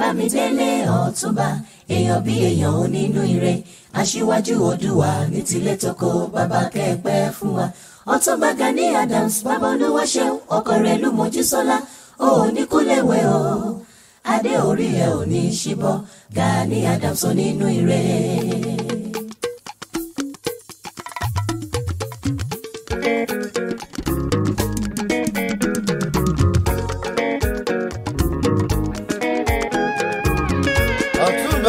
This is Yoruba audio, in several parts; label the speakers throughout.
Speaker 1: bámidélé ọ̀túnba èèyàn bí èèyàn ò nínú ire aṣíwájú odùwà ní tilé toko bàbá kẹ́ẹ̀pẹ́ fún wa ọ̀túnba Gani Adams bàbá olúwa ṣeun ọkọ rẹ̀ ló mojú sọ́lá ó ní kó lẹ́wẹ̀ o adé orí ẹ̀ ò ní ṣíbọ Gani Adams ò nínú ire. thank you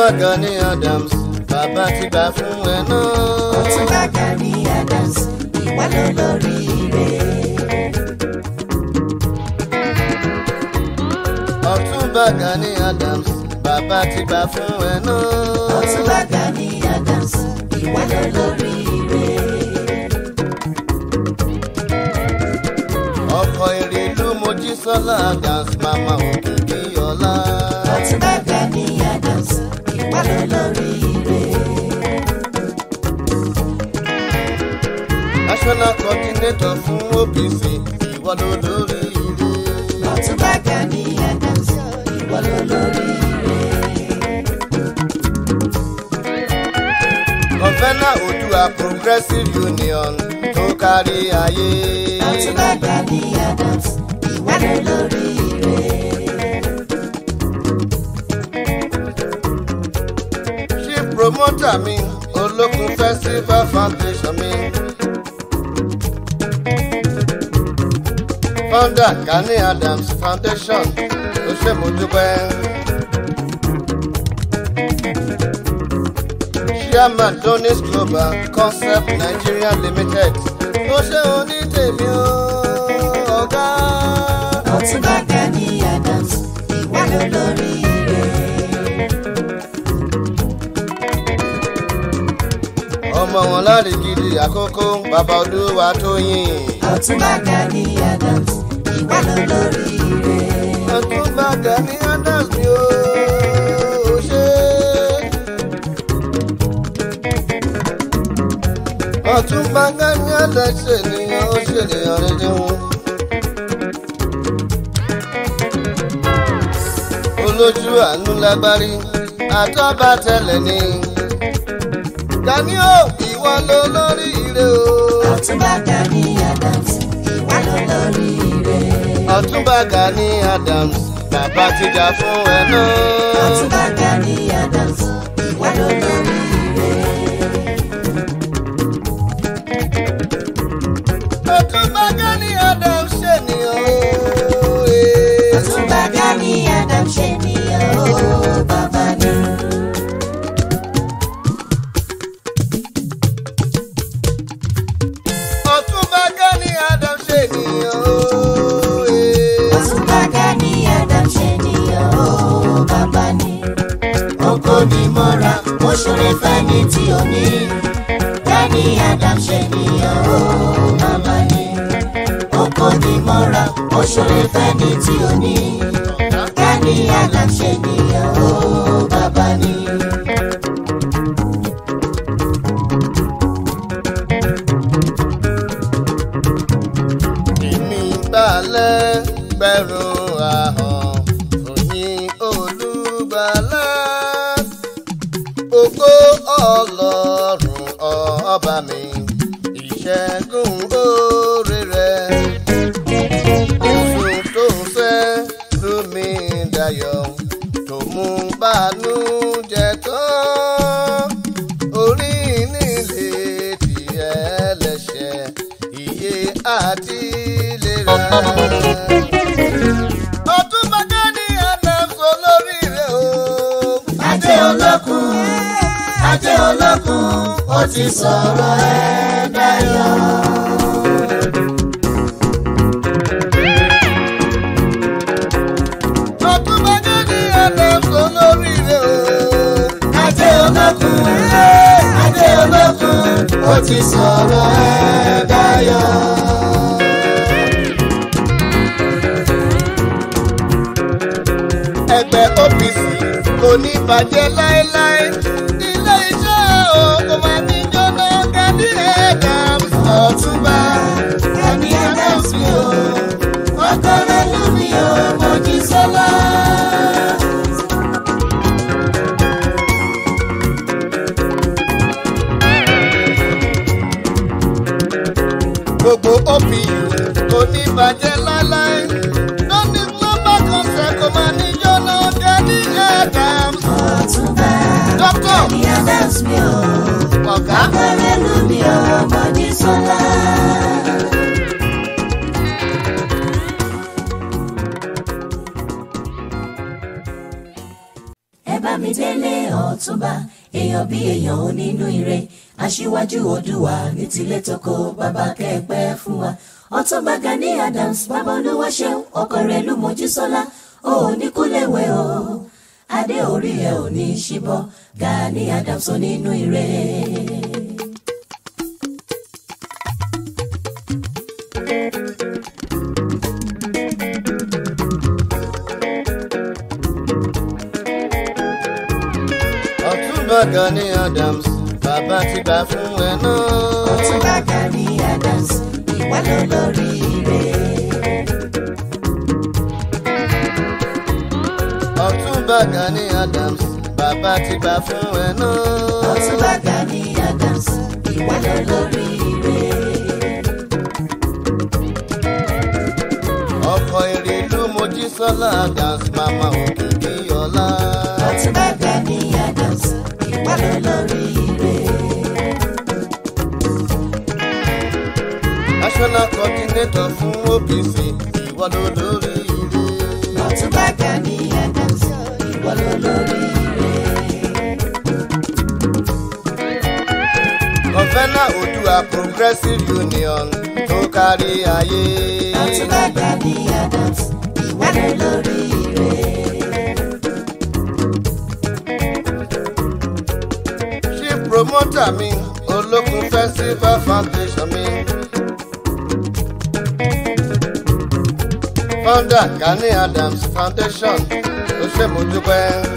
Speaker 2: bá Gani Adams bàbá ti bá fún ẹ náà. ọ̀túnba Gani Adams ìwà ló lórí
Speaker 1: rẹ̀.
Speaker 2: ọ̀túnba Gani Adams bàbá ti bá fún ẹ náà. ọ̀túnba Gani Adams ìwà ló lórí rẹ̀. ọkọ̀ èrè ìlú Mojísọ́lá Adams màmá òkè bíi ọlá. ọ̀túnba Adams national coordinator fún OPC
Speaker 1: ìwọ ló lórí ire. ọ̀túnba Gani Adams ìwọ ló
Speaker 2: Progressive Union tó kárí ayé. ọ̀túnba Gani Adams ìwọ lórí ire. kọ́ńtà mi olókun festival foundation mi. founder Gani Adams foundation ló ṣe mo dúpẹ́. chairman donis global concept nigeria limited ó ṣe oní tèmi ọ̀gá. ọ̀túnba Gani Adams ìwà lórí. ọmọ wọn láti gidi àkókò bàbá olúwa tó yìn. ọ̀túnba Gani Adams ìwà ló lórí rẹ̀. ọ̀túnba Gani Adams ni
Speaker 1: ó ṣe.
Speaker 2: ọ̀túnba Gani Adams ṣèlèyàn ó ṣèlèyàn rere wọn. olójú àánú lágbárí àtọ́bàtẹ̀lẹ̀ ni. Gani o ìwọ ló lórí ire o. Ọ̀túnba Gani Adams ìwọ ló lórí ire. Ọ̀túnba Gani Adams bàbá ti jà fún ẹ náà. Ọ̀túnba Gani Adams.
Speaker 1: ní mọ́ra mo ṣoore fẹ́ni tí ó ní Gani Adams ṣe nìyàn ó màmá ni ó kò mọ́ra mo ṣoore fẹ́ni tí ó ní Gani Adams ṣe nìyàn. by me. ti sọ̀rọ̀ ẹ dayọ̀. ọ̀túnbájú ni ọlọ́kọ̀ lóríire o. adé olókun adé olókun ó ti sọ̀rọ̀ ẹ dayọ̀.
Speaker 2: ẹgbẹ́ OPC kò ní bàjẹ́ láéláé.
Speaker 1: Adétọ́lá. mi délé ọ̀túnba èèyàn bí èèyàn ò ire aṣíwájú Oòduà ní tilé tóko bàbá kẹ́ẹ̀pẹ́ fún wa ọ̀túnba Gani Adams bàbá olúwa ṣeun ọkọ rẹ̀ ló mojú sọ́lá ó ní kó lẹ́wẹ̀ o adé orí ẹ̀ ò ní ṣíbọ Gani Adams onínú ire.
Speaker 2: Ọ̀túnba Gani Adams bàbá ti gbà fún ẹ náà. Ọ̀túnba Gani Adams ìwà ló lórí rẹ̀. Ọ̀túnba Gani Adams bàbá ti gbà fún ẹ náà. Ọ̀túnba Gani Adams ìwà ló lórí rẹ̀. ọmọ ìrìlú Mojísọ́lá Adams màmá òkè bí ọlá. àti bàbá ní Adams ìpàdé lórí ire. national coordinator fún OPC ìwọ ló
Speaker 1: lórí ire. àti bàbá ní Adams ìwọ ló lórí ire.
Speaker 2: Governor Odua Progressive Union fún kárí ayé. ọ̀túnbàgbà ni adams ìwádìí lórí rẹ̀. ṣé promota mi olókun festival foundation mi. founder Gani Adams foundation ló ṣe mo dúpẹ́.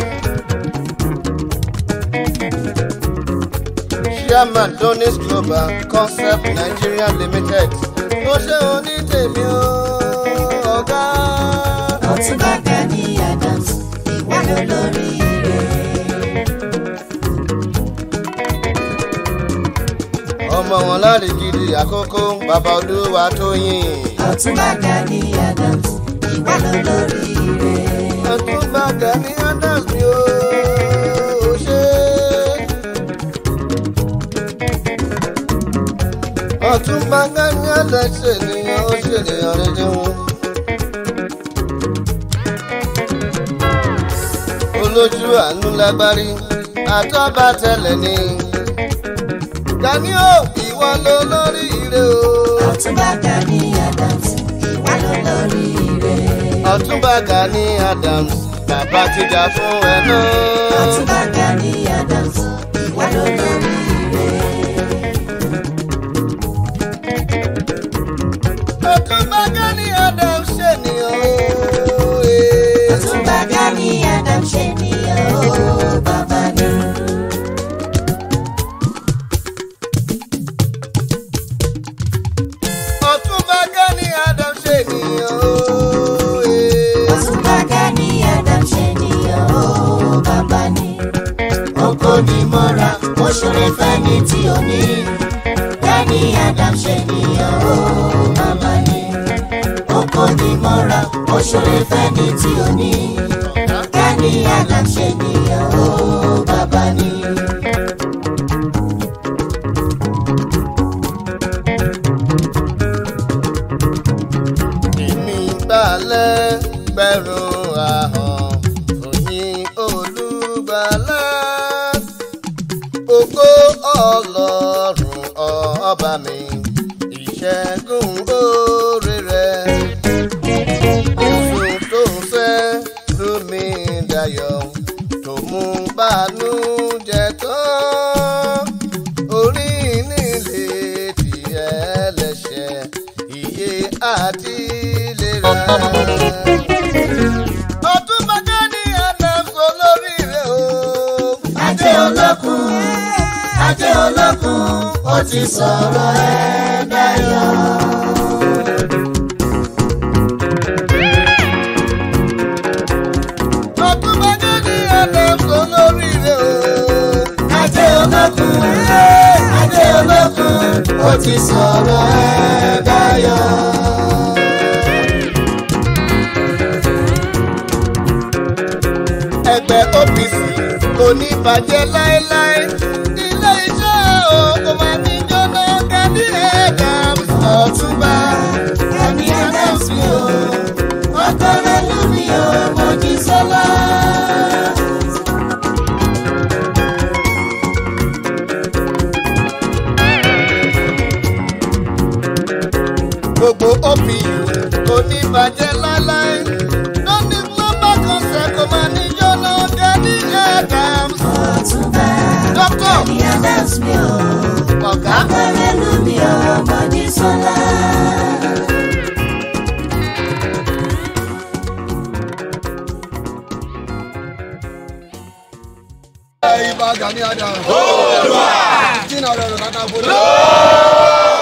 Speaker 2: Nigerian Madonis Global Concept Nigeria Limited. Mo ṣe oní tèmi o, ọ̀gá. Ọ̀túnba Gani Adams, ìwọ
Speaker 1: lolórí rẹ̀.
Speaker 2: Ọmọ wọn láre gidi àkókò bàbá olúwa tó yìn. Ọ̀túnba Gani Adams, ìwọ lolórí rẹ̀. Ọ̀túnba Gani Adams. ọ̀túnba Gani Adams ṣènìyàn ó ṣènìyàn rere wọn. olójú àánú lágbárí àtọ́ba tẹ̀lẹ̀ ni. Gani o ìwọ ló lórí ire o. ọ̀túnba Gani Adams ìwọ ló lórí ire. ọ̀túnba Gani Adams bàbá ti dà fún ẹ náà. ọ̀túnba Gani Adams ìwọ ló lórí ire.
Speaker 1: ní mọ́ra ó ṣeré fẹ́ni tí ó ní Gani Adams ṣe nìyẹn ó bàbá ni ó kò ní mọ́ra ó ṣeré fẹ́ni tí ó ní Gani Adams ṣe nìyẹn ó bàbá ni. òkè olókun ó ti sọ̀rọ̀ ẹ̀ dayọ̀. ògúnbọdé ní ọlọ́kùn lóríire o. adé olókun ó ti sọ̀rọ̀ ẹ̀ dayọ̀.
Speaker 2: ẹgbẹ́ OPC kò ní bàjẹ́ láéláé. Adams ọ̀túnba Kẹ́mi
Speaker 1: Adams mi o ọ̀tọ̀rẹ́lú mi o Mojísọ́lá.
Speaker 2: gbogbo òbí oníbàjẹ́ láláì lóní nọ́mbà kan ṣẹ́kọ̀ọ́ máa ní yọ̀nà Gani Adams. ọ̀túnba Kẹ́mi Adams mi o
Speaker 1: ọ̀gá bàbá dé sọ́lá. Ìbà Gani Adams. Olúwa. Jìnnà rẹ̀ rẹ̀ kàkà fún mi.